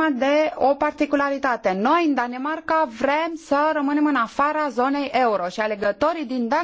acum de o particularitate. Noi, în Danemarca, vrem să rămânem în afara zonei euro și alegătorii din Danemarca